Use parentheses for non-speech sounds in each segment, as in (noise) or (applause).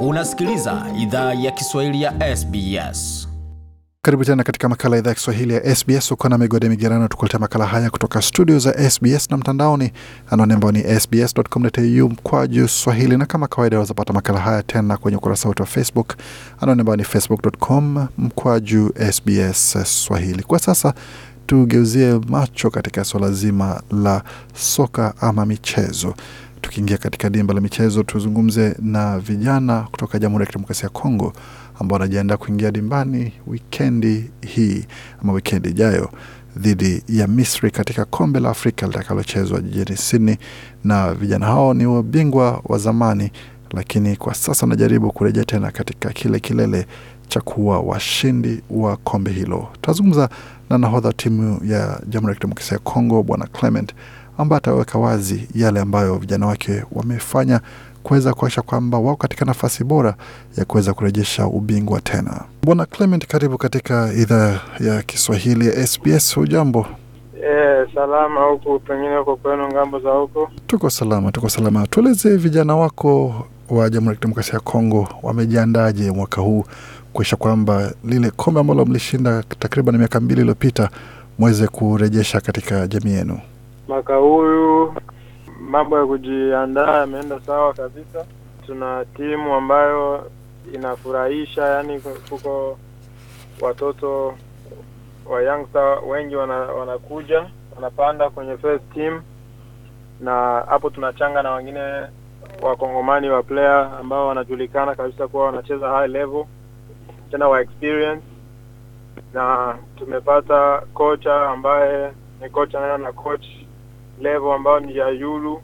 Unasikiliza idhaa ya Kiswahili ya SBS. Karibu tena katika makala ya idhaa ya Kiswahili ya SBS. Uko na migode migerano, tukuletea makala haya kutoka studio za SBS na mtandaoni, anwani ambao ni sbs.com.au juu swahili, na kama kawaida wazapata makala haya tena kwenye ukurasa wetu wa Facebook, anwani ambao ni facebook.com juu sbs swahili. Kwa sasa tugeuzie macho katika suala zima la soka ama michezo Tukiingia katika dimba la michezo, tuzungumze na vijana kutoka Jamhuri ya Kidemokrasia ya Kongo ambao wanajiandaa kuingia dimbani wikendi hii ama wikendi ijayo dhidi ya Misri katika kombe la Afrika litakalochezwa jijini Sydney. Na vijana hao ni wabingwa wa zamani, lakini kwa sasa wanajaribu kurejea tena katika kile kilele cha kuwa washindi wa kombe hilo. Tutazungumza na nahodha timu ya Jamhuri ya Kidemokrasia ya Kongo, Bwana Clement ambaye ataweka wazi yale ambayo vijana wake wamefanya kuweza kuakisha kwamba wako katika nafasi bora ya kuweza kurejesha ubingwa tena. Bwana Clement, karibu katika idhaa ya Kiswahili ya SBS. Hujambo? E, salama huku, pengine uko kwenu ngambo za huku? Tuko salama, tuko salama. Tueleze vijana wako wa Jamhuri ya Kidemokrasia ya Kongo wamejiandaje mwaka huu kuisha kwamba lile kombe ambalo mlishinda takriban miaka mbili iliyopita mweze kurejesha katika jamii yenu? mwaka huyu mambo ya kujiandaa yameenda sawa kabisa. Tuna timu ambayo inafurahisha, yani kuko watoto wa youngster wengi wana, wanakuja wanapanda kwenye first team, na hapo tunachanga na wengine wakongomani wa player ambao wanajulikana kabisa kuwa wanacheza high level tena wa experience, na tumepata kocha ambaye ni kocha naye na coach level ambayo ni ya yulu.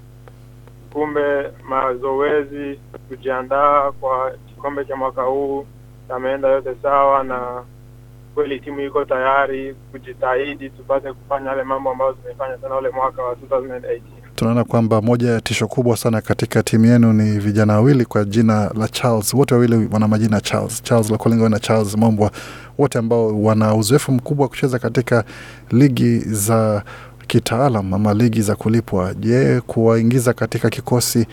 Kumbe mazoezi kujiandaa kwa kikombe cha mwaka huu yameenda yote sawa, na kweli timu iko tayari kujitahidi tupate kufanya yale mambo ambayo tumefanya tena ule mwaka wa 2018. Tunaona kwamba moja ya tisho kubwa sana katika timu yenu ni vijana wawili kwa jina la Charles. Wote wawili wana majina Charles, Charles Lokolenga na Charles Mombwa, wote ambao wana uzoefu mkubwa wa kucheza katika ligi za kitaalam ama ligi za kulipwa. Je, kuwaingiza katika kikosi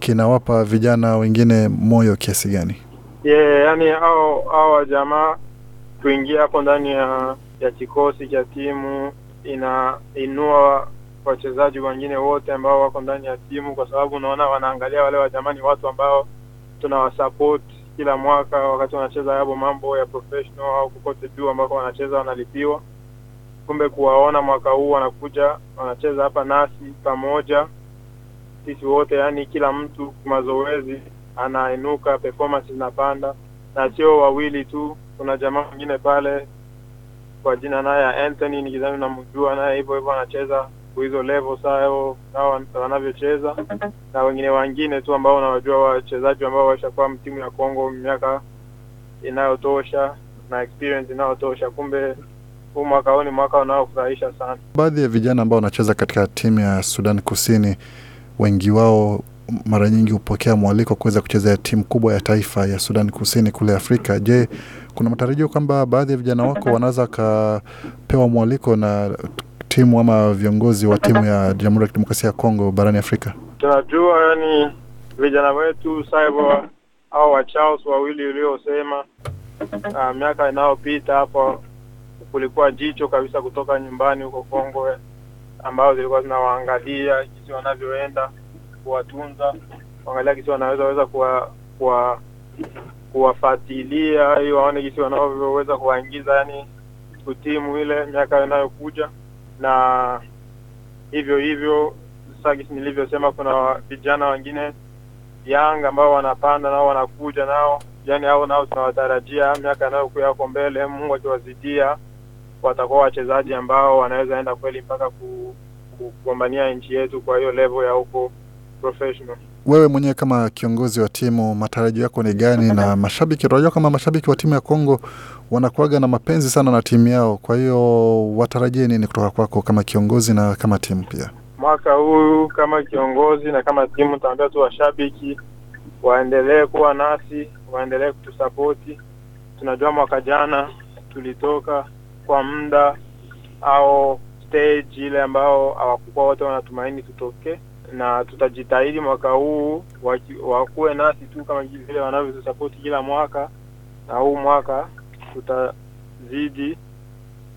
kinawapa vijana wengine moyo kiasi gani? Yeah, yani au au kuingia hapo ndani ya ya kikosi cha timu inainua wachezaji wengine wote ambao wako ndani ya timu, kwa sababu unaona wanaangalia wale wajamaa ni watu ambao tunawasupport kila mwaka wakati wanacheza yabo mambo ya professional au kokote juu ambako wanacheza wanalipiwa kumbe kuwaona mwaka huu wanakuja wanacheza hapa nasi pamoja sisi wote, yani kila mtu mazoezi anainuka, performance inapanda, na sio wawili tu. Kuna jamaa mwingine pale kwa jina naye Anthony, nikidhani namjua, naye hivyo hivyo anacheza hizo level sayo nao wanavyocheza, na wengine wengine tu ambao unawajua wachezaji ambao washakuwa timu ya Kongo miaka inayotosha na experience inayotosha kumbe huu mwaka huu ni mwaka unaofurahisha sana. Baadhi ya vijana ambao wanacheza katika timu ya Sudan Kusini, wengi wao mara nyingi hupokea mwaliko kuweza kuchezea timu kubwa ya taifa ya Sudan Kusini kule Afrika. Je, kuna matarajio kwamba baadhi ya vijana wako wanaweza wakapewa mwaliko na timu ama viongozi wa timu ya Jamhuri ya Kidemokrasia ya Kongo barani Afrika? Tunajua yani vijana wetu saivo au Wachaos wawili uliosema, uh, miaka inayopita hapo kulikuwa jicho kabisa kutoka nyumbani huko Kongwe, eh, ambao zilikuwa zinawaangalia jinsi wanavyoenda kuwatunza, kuangalia jinsi wanaweza weza kuwa, kuwa kuwafatilia ili waone jinsi wanavyoweza kuwaingiza yani kutimu ile miaka inayokuja, na hivyo hivyo sasa, jinsi nilivyosema, kuna vijana wengine Yanga ambao wanapanda nao wanakuja nao, yani hao nao tunawatarajia miaka inayokuja huko mbele, Mungu akiwazidia watakuwa wachezaji ambao wanaweza enda kweli mpaka kugombania nchi yetu kwa hiyo level ya huko professional. Wewe mwenyewe kama kiongozi wa timu, matarajio yako ni gani na mashabiki? Unajua kama mashabiki wa timu ya Kongo wanakuaga na mapenzi sana na timu yao, kwa hiyo watarajie nini kutoka kwako kama kiongozi na kama timu pia? Mwaka huu kama kiongozi na kama timu, taambia tu washabiki waendelee kuwa nasi, waendelee kutusapoti. Tunajua mwaka jana tulitoka kwa muda au stage ile ambao hawakuwa wote wanatumaini tutokee, na tutajitahidi mwaka huu wakuwe nasi tu kama vile wanavyotusapoti kila mwaka, na huu mwaka tutazidi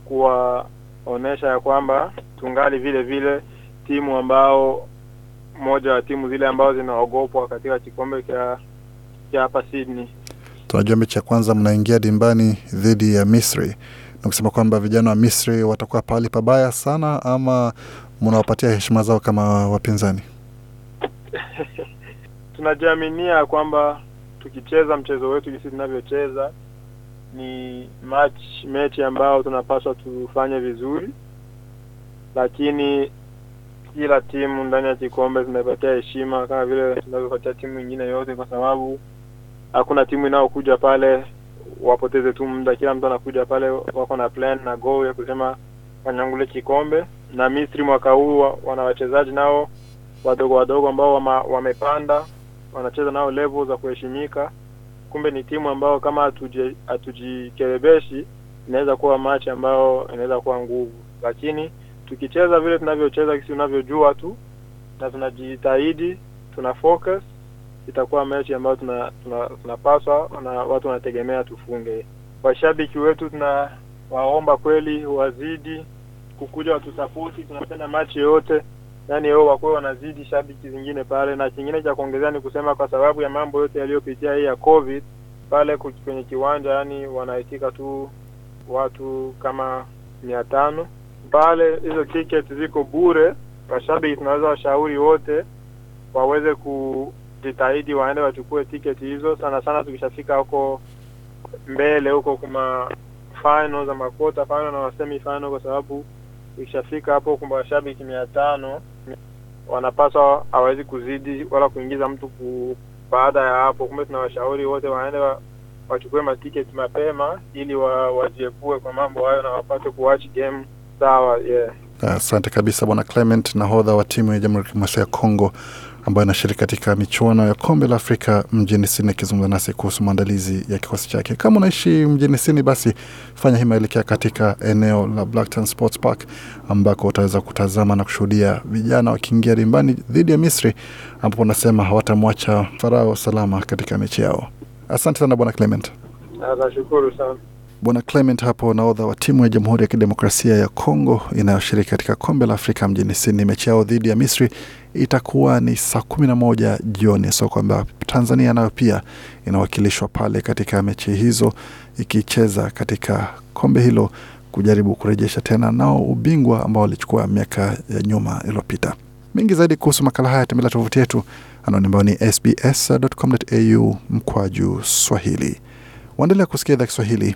kuwaonyesha ya kwamba tungali vile vile timu ambao moja wa timu zile ambazo zinaogopwa katika kikombe cha hapa Sydney. Tunajua mechi ya kwanza mnaingia dimbani dhidi ya Misri na kusema kwamba vijana wa Misri watakuwa pahali pabaya sana, ama mnawapatia heshima zao kama wapinzani? (laughs) Tunajiaminia kwamba tukicheza mchezo wetu jinsi tunavyocheza ni match mechi ambayo tunapaswa tufanye vizuri, lakini kila timu ndani ya kikombe zinaipatia heshima kama vile tunavyopatia timu nyingine yote, kwa sababu hakuna timu inayokuja pale wapoteze tu muda. Kila mtu anakuja pale, wako na plan na goal ya kusema wanyangule kikombe. Na Misri mwaka huu wana wachezaji nao wadogo wadogo ambao wama, wamepanda, wanacheza nao level za kuheshimika. Kumbe ni timu ambao kama hatujikerebeshi inaweza kuwa machi ambayo inaweza kuwa nguvu, lakini tukicheza vile tunavyocheza, kisi unavyojua tu na tunajitahidi, tuna focus itakuwa mechi ambayo tuna, tuna, tunapaswa na watu wanategemea tufunge. Washabiki wetu tunawaomba kweli wazidi kukuja watusapoti, tunapenda machi yote yani wao wakuwa wanazidi shabiki zingine pale, na kingine cha kuongezea ni kusema kwa sababu ya mambo yote yaliyopitia hii ya COVID pale kwenye kiwanja, yani wanaitika tu watu kama mia tano pale. Hizo tiketi ziko bure, washabiki tunaweza washauri wote waweze ku jitahidi waende wachukue tiketi hizo, sana sana tukishafika huko mbele huko kuma final za makota final na wasemi final, kwa sababu ikishafika hapo kumba washabiki mia tano wanapaswa hawawezi kuzidi wala kuingiza mtu ku, baada ya hapo. Kumbe tuna washauri wote waende wa, wachukue matiketi mapema ili wa, wajiepue kwa mambo hayo na wapate kuwatch game sawa, yeah. Asante kabisa Bwana Clement, nahodha wa timu ya Jamhuri ya Kidemokrasia ya Kongo ambayo inashiriki katika michuano ya kombe la Afrika mjini Sydney, akizungumza nasi kuhusu maandalizi ya kikosi chake. Kama unaishi mjini Sydney, basi fanya hima elekea katika eneo la Blacktown Sports Park ambako utaweza kutazama na kushuhudia vijana wakiingia dimbani dhidi ya Misri, ambapo wanasema hawatamwacha Farao salama katika mechi yao. Asante sana Bwana Clement, nashukuru sana. Bwana Clement hapo, naodha wa timu ya Jamhuri ya Kidemokrasia ya Kongo inayoshiriki katika Kombe la Afrika mjini Sydney. Mechi yao dhidi ya Misri itakuwa ni saa kumi na moja jioni, so kwamba Tanzania nayo pia inawakilishwa pale katika mechi hizo, ikicheza katika kombe hilo kujaribu kurejesha tena nao ubingwa ambao walichukua miaka ya nyuma iliyopita. Mengi zaidi kuhusu makala haya tembelea tovuti yetu anaoni ambayo ni sbs.com.au mkwaju Swahili. Waendelea kusikia idhaa Kiswahili